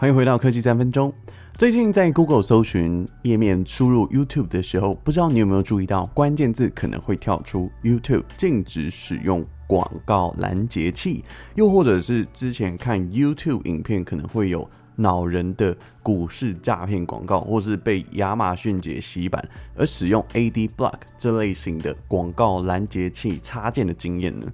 歡迎回到科技三分鐘。最近在 Google 搜尋頁面輸入 YouTube 的時候，不知道你有沒有注意到，關鍵字可能會跳出 YouTube 禁止使用廣告攔截器，又或者是之前看 YouTube 影片，可能會有惱人的股市詐騙廣告，或是被亞馬遜洗版而使用 Ad Block 這類型的廣告攔截器插件的經驗呢？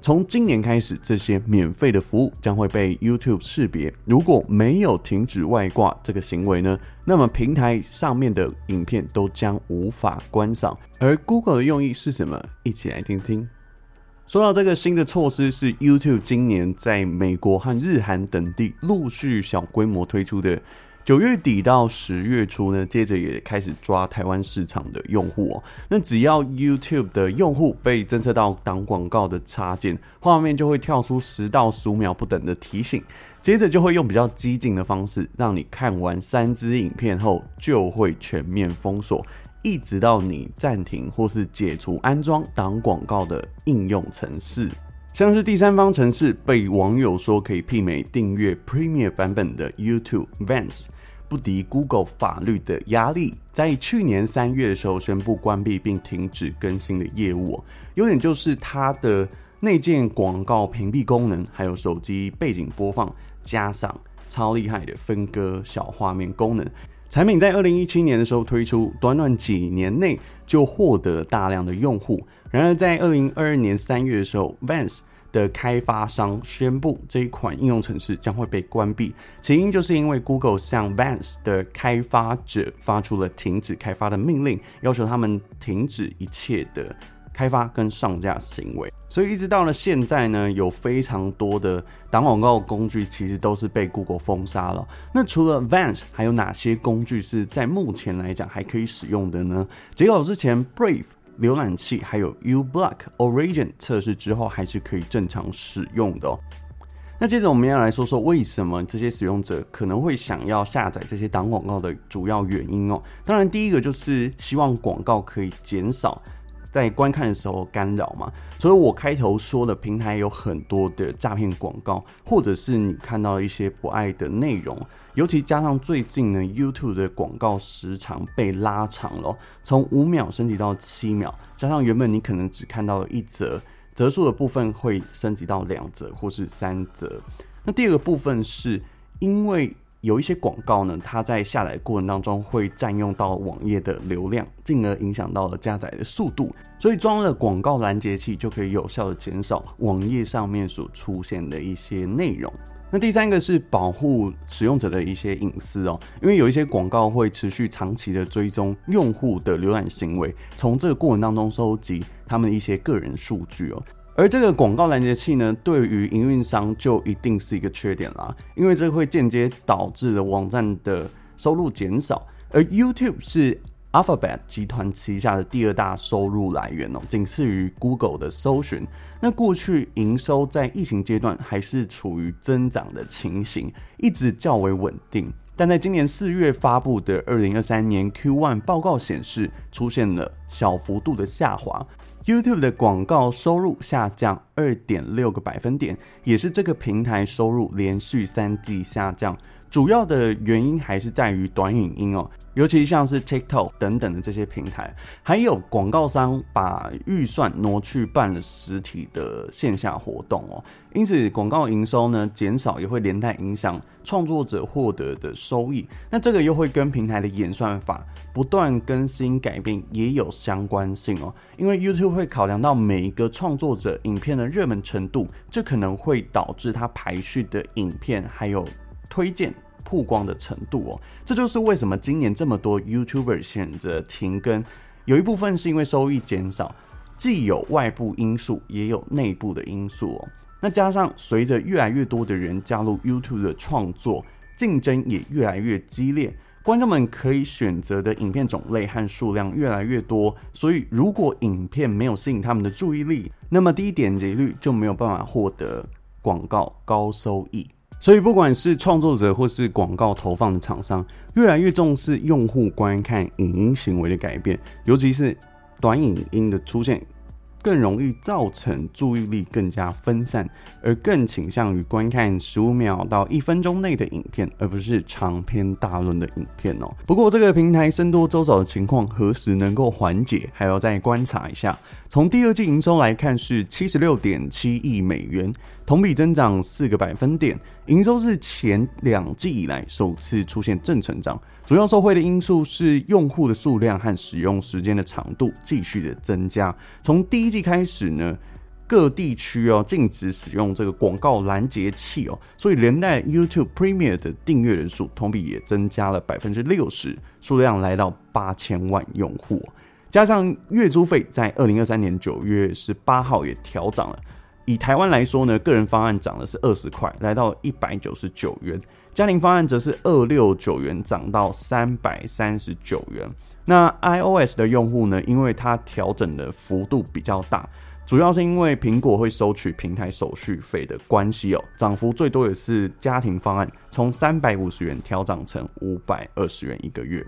從今年開始，這些免費的服務將會被 YouTube 識別。如果沒有停止外掛這個行為呢，那麼平台上面的影片都將無法觀賞。而 Google 的用意是什麼？一起來聽聽。說到這個新的措施，是 YouTube 今年在美國和日韓等地陸續小規模推出的。九月底到十月初呢，接着也開始抓台灣市場的用戶哦、喔。那只要 YouTube 的用戶被偵測到擋廣告的插件，畫面就會跳出十到十五秒不等的提醒，接着就會用比較激進的方式，讓你看完三支影片後就會全面封鎖，一直到你暫停或是解除安裝擋廣告的應用程式，像是第三方程式，被網友說可以媲美訂閱 Premier 版本的 YouTube Vanced。不敵 Google 法律的壓力，在去年三月的時候宣布關閉並停止更新的業務。優點就是它的內建廣告屏蔽功能，還有手機背景播放，加上超厲害的分割小畫面功能。產品在二零一七年的時候推出，短短幾年內就獲得大量的用戶。然而在二零二二年三月的時候，Vanced 的開發商宣布，這一款應用程式將會被關閉，起因就是因為 Google 向 Vanced 的開發者發出了停止開發的命令，要求他們停止一切的開發跟上架行為。所以一直到了現在呢，有非常多的擋廣告工具其實都是被 Google 封殺了哦。那除了 Vanced，還有哪些工具是在目前來講還可以使用的呢？截稿之前 Brave。瀏覽器還有 uBlock Origin 測試之後還是可以正常使用的喔。那接着我們要來說說為什麼這些使用者可能會想要下載這些擋廣告的主要原因哦。當然第一個就是希望廣告可以減少。在觀看的時候干擾嘛，所以我開頭說的，平台有很多的詐騙廣告，或者是你看到一些不愛的內容，尤其加上最近呢，YouTube 的廣告時長被拉長了，從五秒升級到七秒，加上原本你可能只看到了一則則數的部分，會升級到兩則或是三則。那第二個部分是因為。有一些廣告呢，它在下載過程當中會佔用到網頁的流量，進而影響到了加載的速度。所以裝了廣告攔截器就可以有效的減少網頁上面所出現的一些內容。那第三個是保護使用者的一些隱私哦，因為有一些廣告會持續長期的追蹤用戶的瀏覽行為，從這個過程當中收集他們的一些個人數據哦。而這個廣告攔截器呢，對於營運商就一定是一個缺點啦，因為這會間接導致了網站的收入減少。而 YouTube 是 Alphabet 集團旗下的第二大收入來源哦，僅次於 Google 的搜尋。那過去營收在疫情階段還是處於增長的情形，一直較為穩定。但在今年四月發布的2023年 Q1 報告顯示，出現了小幅度的下滑。YouTube 的廣告收入下降2.6個百分點，也是這個平台收入連續三季下降。主要的原因還是在於短影音哦，尤其像是 TikTok 等等的這些平台，還有廣告商把預算挪去辦了實體的線下活動哦，因此廣告營收呢，減少也會連帶影響創作者獲得的收益。那這個又會跟平台的演算法不斷更新改變也有相關性哦，因為 YouTube 會考量到每一個創作者影片的熱門程度，這可能會導致它排序的影片還有。推薦曝光的程度哦，這就是為什麼今年這麼多 YouTuber 選擇停更，有一部分是因為收益減少，既有外部因素，也有內部的因素哦。那加上隨着越來越多的人加入 YouTube 的創作，競爭也越來越激烈，觀眾們可以選擇的影片種類和數量越來越多，所以如果影片沒有吸引他們的注意力，那麼低點擊率就沒有辦法獲得廣告高收益。所以，不管是創作者或是廣告投放的廠商，越來越重視用戶觀看影音行為的改變，尤其是短影音的出現。更容易造成注意力更加分散，而更傾向於觀看十五秒到一分鐘內的影片，而不是長篇大論的影片哦、喔。不過，這個平台僧多粥少的情況何時能夠緩解，還要再觀察一下。從第二季營收來看，是七十六點七億美元，同比增長四個百分點，營收是前兩季以來首次出現正成長。主要受惠的因素是用戶的數量和使用時間的長度繼續的增加。從第一季開始呢，各地區哦禁止使用這個廣告攔截器哦，所以連帶 YouTube Premium 的訂閱人數同比也增加了百分之六十，數量來到八千萬用戶。加上月租費在二零二三年九月十八號也調漲了，以台灣來說呢，個人方案漲了是二十塊，來到一百九十九元。家庭方案則是二六九元漲到三百三十九元。那 iOS 的用戶呢？因為它調整的幅度比較大，主要是因為蘋果會收取平台手續費的關係哦。漲幅最多也是家庭方案從三百五十元調整成五百二十元一個月。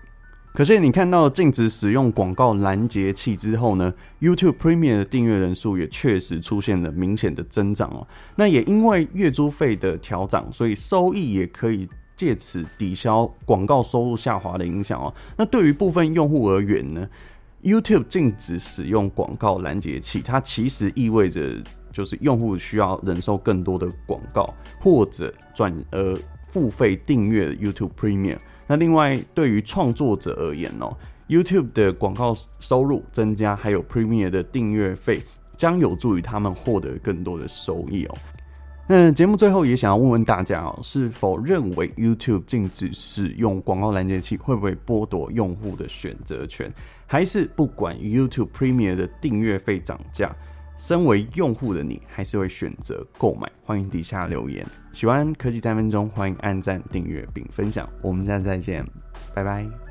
可是你看到禁止使用廣告攔截器之後呢，YouTube Premium 的訂閱人數也確實出現了明顯的增長哦。那也因為月租費的調漲，所以收益也可以借此抵消廣告收入下滑的影響哦。那對於部分用戶而言呢，YouTube 禁止使用廣告攔截器，它其實意味着就是用戶需要忍受更多的廣告，或者轉而。付費訂閱 YouTube Premium，那另外對於創作者而言哦，YouTube 的廣告收入增加，還有 Premium 的訂閱費，將有助於他們獲得更多的收益哦。那節目最後也想要問問大家哦，是否認為 YouTube 禁止使用廣告攔截器會不會剝奪用戶的選擇權？還是不管 YouTube Premium 的訂閱費漲價？身為用戶的你，還是會選擇購買？歡迎底下留言。喜歡科技三分鐘，歡迎按讚、訂閱並分享。我們下次再見，拜拜。